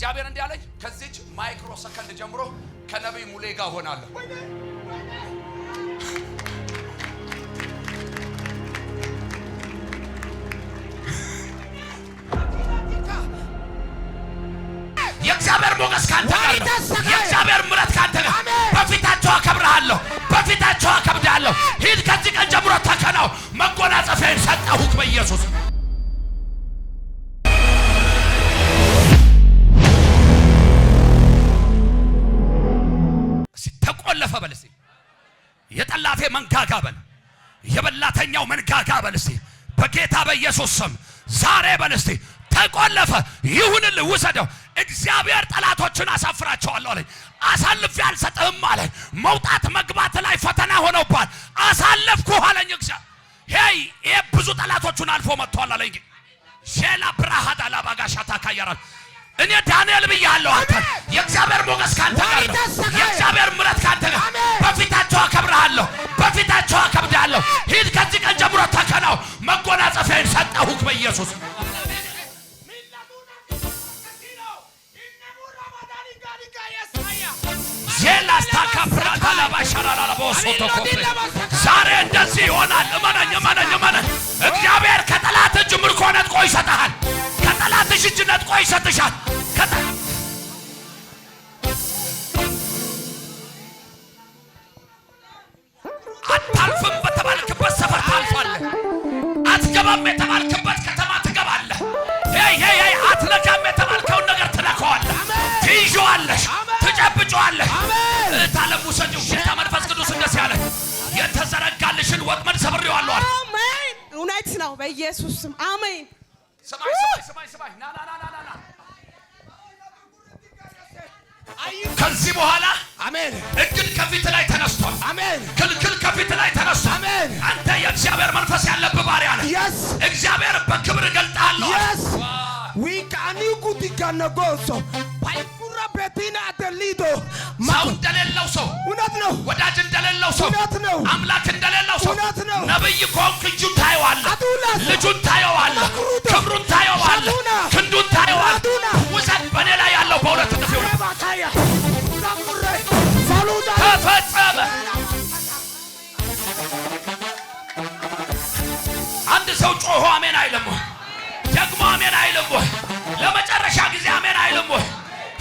እግዚአብሔር እንዲያለኝ ከዚች ማይክሮ ሰከንድ ጀምሮ ከነቢይ ሙሌ ጋር ሆናለሁ። የእግዚአብሔር ሞገስ ካንተ ጋር ነው። የእግዚአብሔር ምረት ካንተ ጋር በፊታቸው አከብረሃለሁ፣ በፊታቸው አከብዳለሁ። ሂድ፣ ከዚህ ቀን ጀምሮ ተከናው። መጎናጸፊያን ሰጠሁህ በኢየሱስ አረፈ በል የጠላቴ መንጋጋ በል፣ የበላተኛው መንጋጋ በል በጌታ በኢየሱስ ስም ዛሬ በል ተቆለፈ። ይሁንልህ፣ ውሰደው። እግዚአብሔር ጠላቶችን አሳፍራቸዋለሁ አለኝ። አሳልፌ አልሰጥህም አለኝ። መውጣት መግባት ላይ ፈተና ሆነውባል። አሳለፍኩህ አለኝ። እግዚአ ሄይ ይሄ ብዙ ጠላቶቹን አልፎ መጥቷል አለኝ። ሼላ ብራሃዳ ላባጋሻታ ካያራል እኔ ዳንኤል ብያለሁ። አንተ የእግዚአብሔር ሞገስ ካንተ ጋር ነው። የእግዚአብሔር ምረት ካንተ ጋር በፊታቸው አከብረሃለሁ፣ በፊታቸው አከብዳለሁ። ሂድ ከዚህ ቀን ጀምሮ ተከናው። መጎናጸፊያን ሰጠሁክ በኢየሱስ ዛሬ እንደዚህ ይሆናል። እመነኝ እመነኝ እመነኝ እግዚአብሔር አትገባም የተባልክበት ከተማ ትገባለህ። አትነካም የተባልከውን ነገር ትነካዋለህ፣ ትይዤዋለሽ፣ ትጨብጨዋለህ። ታለሙ ሰጭ ሽታ መንፈስ ቅዱስ እንደስ ያለ የተዘረጋልሽን ወጥመድ ሰብሬዋለሁ። አሜን። እውነት ነው። በኢየሱስ ስም አሜን። ከዚህ በኋላ አሜን። እድል ከፊት ላይ ተነስቷል። አሜን። ክልክል ከፊት ላይ ተነስቷል። አሜን። አንተ የእግዚአብሔር እግዚአብሔር በክብር እገልጣለሁ። ሰው እንደሌለው ሰው እውነት ነው። ወዳጅ እንደሌለው ሰው እውነት ነው። አምላክ እንደሌለው ሰው ነብይ ከሆንክ ልጁን ታየዋለህ። ልጁን ሰው ጮሆ አሜን አይልም ወይ? ደግሞ አሜን አይልም ወይ? ለመጨረሻ ጊዜ አሜን አይልም ወይ?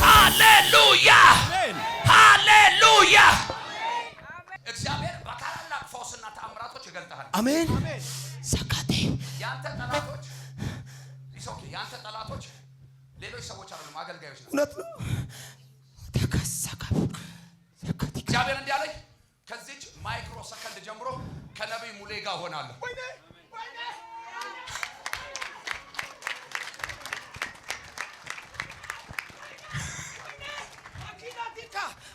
ሃሌሉያ ሃሌሉያ። እግዚአብሔር በታላላቅ ፈውስና ተአምራቶች ይገልጣል። አሜን ሰካቴ ያንተ ጠላቶች ሊሶኪ ያንተ ጠላቶች ሌሎች ሰዎች አይደሉም፣ አገልጋዮች ናቸው። እውነት ነው። እግዚአብሔር እግዚአብሔር እንዲያለኝ ከዚች ማይክሮ ሰከንድ ጀምሮ ከነቢይ ሙሌ ጋር ወይኔ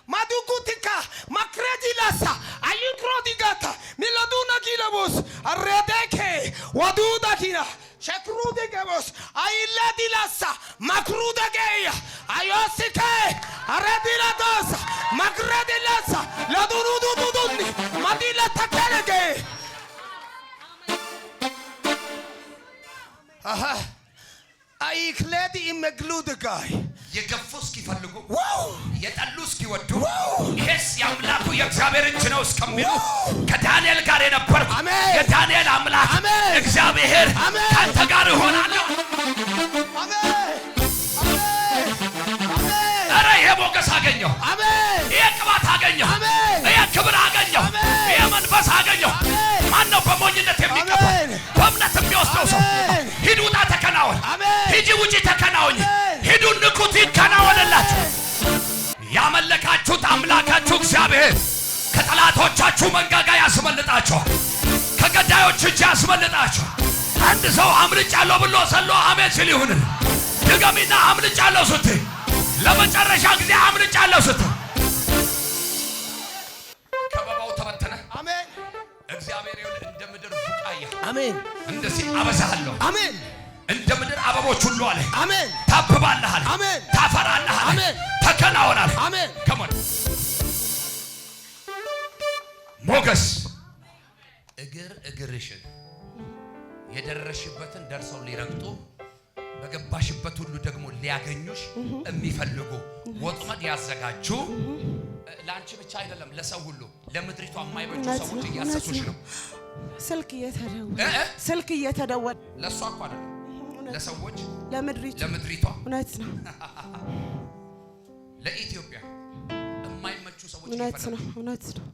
madukutika makrejilasa ayukrodigata, miladuna gilabus arredeke waduda gina şekrude gebos ayilladilasa makruda geya ayosike arediladas makredilasa ladurudududunni madila takelege Aha. I declared in a glue የገፉ እስኪፈልጉ የጠሉ እስኪወዱ ይሄስ የአምላኩ የእግዚአብሔር እጅ ነው እስከሚሉ ከዳንኤል ጋር የነበር የዳንኤል አምላክ እግዚአብሔር ከአንተ ጋር እሆናለሁ። ኧረ ይሄ ሞገስ አገኘሁ፣ ይሄ ቅባት አገኘሁ፣ ይሄ ክብር አገኘሁ፣ ይሄ መንፈስ አገኘሁ። ማን ነው በሞኝነት የሚቀባ በእምነት የሚወስደው ሰው? ሂድ ውጣ፣ ተከናወን። ሂጂ ውጪ፣ ተከናወኝ። ሂዱ ይከናወንላችሁ። ያመለካችሁት አምላካችሁ እግዚአብሔር ከጠላቶቻችሁ መንጋጋ ያስመልጣችኋል። ከገዳዮች እጅ ያስመልጣችኋል። አንድ ሰው አምልጫለሁ ብሎ ሰሎ አሜን ሲል ይሁን ድገሚና አምልጫለሁ ስትይ ለመጨረሻ ጊዜ አምልጫለሁ ስትይ ከበባው ተበተነ። አሜን እግዚአብሔር ይሁን እንደ ምድር ቡቃያ አሜን እንደዚህ አበዛሃለሁ። አሜን እንደ ምድር አበቦች ሁሉ አለ አሜን። ታብባለህ አለ አሜን። ታፈራለህ አለ አሜን። ተከናወናል አሜን። ከሞን ሞገስ እግር እግርሽን የደረሽበትን ደርሰው ሊረግጡ በገባሽበት ሁሉ ደግሞ ሊያገኙሽ የሚፈልጉ ወጥመድ ያዘጋጁ ለአንቺ ብቻ አይደለም፣ ለሰው ሁሉ ለምድሪቷ የማይበጁ ሰዎች እያሰሱሽ ነው። ስልክ እየተደወለ ስልክ እየተደወለ ለእሷ እኮ አይደለም ለሰዎች፣ ለምድሪቷ እውነት ነው። ለኢትዮጵያ የማይመቹ ሰዎች እውነት ነው። እውነት ነው።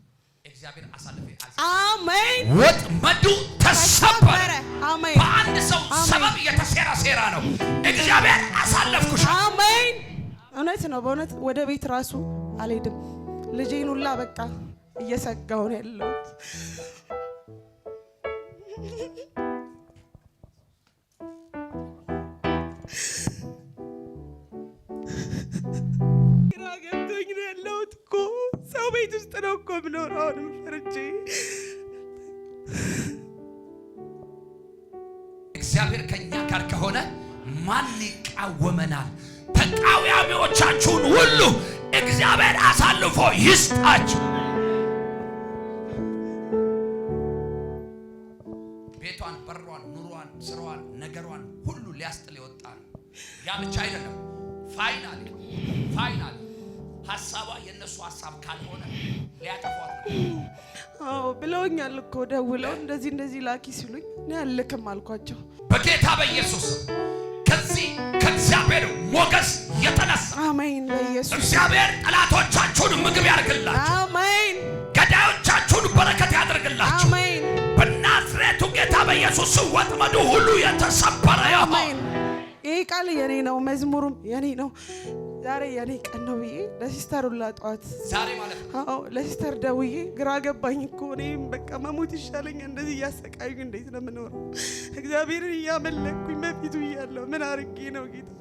እግዚአብሔር አሳልፈ አሜን። ወጥመዱ ተሰበረ። አሜን። በአንድ ሰው ሰበብ የተሴራ ሴራ ነው። እግዚአብሔር አሳለፍኩሽ። አሜን። እውነት ነው። በእውነት ወደ ቤት ራሱ አልሄድም። ልጄን ሁላ በቃ እየሰጋሁ ነው ያለሁት። ግራ ገብቶኝ ነው ያለሁት እኮ ሰው ቤት ውስጥ ነው እኮ የምኖረው። አሁንም ፈርቼ እግዚአብሔር ከእኛ ጋር ከሆነ ማን ይቃወመናል? ተቃዋሚዎቻችሁን ሁሉ እግዚአብሔር አሳልፎ ይስጣችሁ። ቤቷን፣ በሯን፣ ኑሯን፣ ስራዋን ነገሯን ሁሉ ሊያስጥል የወጣ ነው። ያ ብቻ አይደለም። ፋይናል ፋይናል ሀሳቧ የእነሱ ሀሳብ ካልሆነ ሊያጠፏት ነው። አዎ ብለውኛል እኮ ደውለው እንደዚህ እንደዚህ ላኪ ሲሉኝ እኔ አልልክም አልኳቸው። በጌታ በኢየሱስ ከዚህ ከእግዚአብሔር ሞገስ የተነሳ አሜን። ለኢየሱስ እግዚአብሔር ጠላቶቻችሁን ምግብ ያርግላችሁ። አሜን። ገዳዮቻችሁን በረከት ያደርግላችሁ። በኢየሱስ ወጥመዱ ሁሉ የተሰበረ ይሁን። ይህ ቃል የኔ ነው፣ መዝሙሩም የኔ ነው። ዛሬ የኔ ቀን ነው ብዬ ለሲስተር ሁላ ጠዋት ለሲስተር ደውዬ ግራ ገባኝ እኮ እኔም በቃ መሞት ይሻለኝ እንደዚህ እንዴት ነው የምኖረው? እግዚአብሔርን እያመለኩኝ በፊቱ እያለሁ ምን አርጌ ነው ጌታ?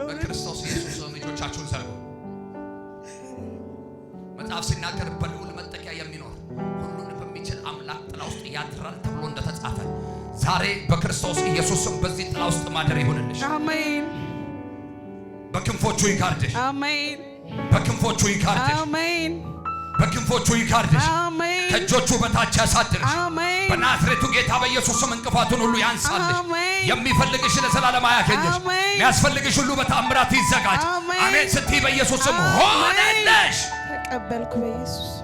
በክርስቶስ ኢየሱስ እጆቻችሁን ዘርጉ። መጽሐፍ ሲናገር በልዑል መጠቂያ የሚኖር ታላቅ ጥላ ውስጥ ያድራል ተብሎ እንደተጻፈ ዛሬ በክርስቶስ ኢየሱስም በዚህ ጥላ ውስጥ ማደር ይሆንልሽ። አሜን። በክንፎቹ ይካርድሽ። አሜን። በክንፎቹ ይካርድሽ። አሜን። በክንፎቹ ይካርድሽ። አሜን። ከእጆቹ በታች ያሳድርሽ። አሜን። በናዝሬቱ ጌታ በኢየሱስም እንቅፋቱን ሁሉ ያንሳልሽ። የሚፈልግሽ ለዘላለም አያገኝሽ። የሚያስፈልግሽ ሁሉ በታምራት ይዘጋጅ። አሜን። ስትይ በኢየሱስም ሆነልሽ። ተቀበልኩ በኢየሱስ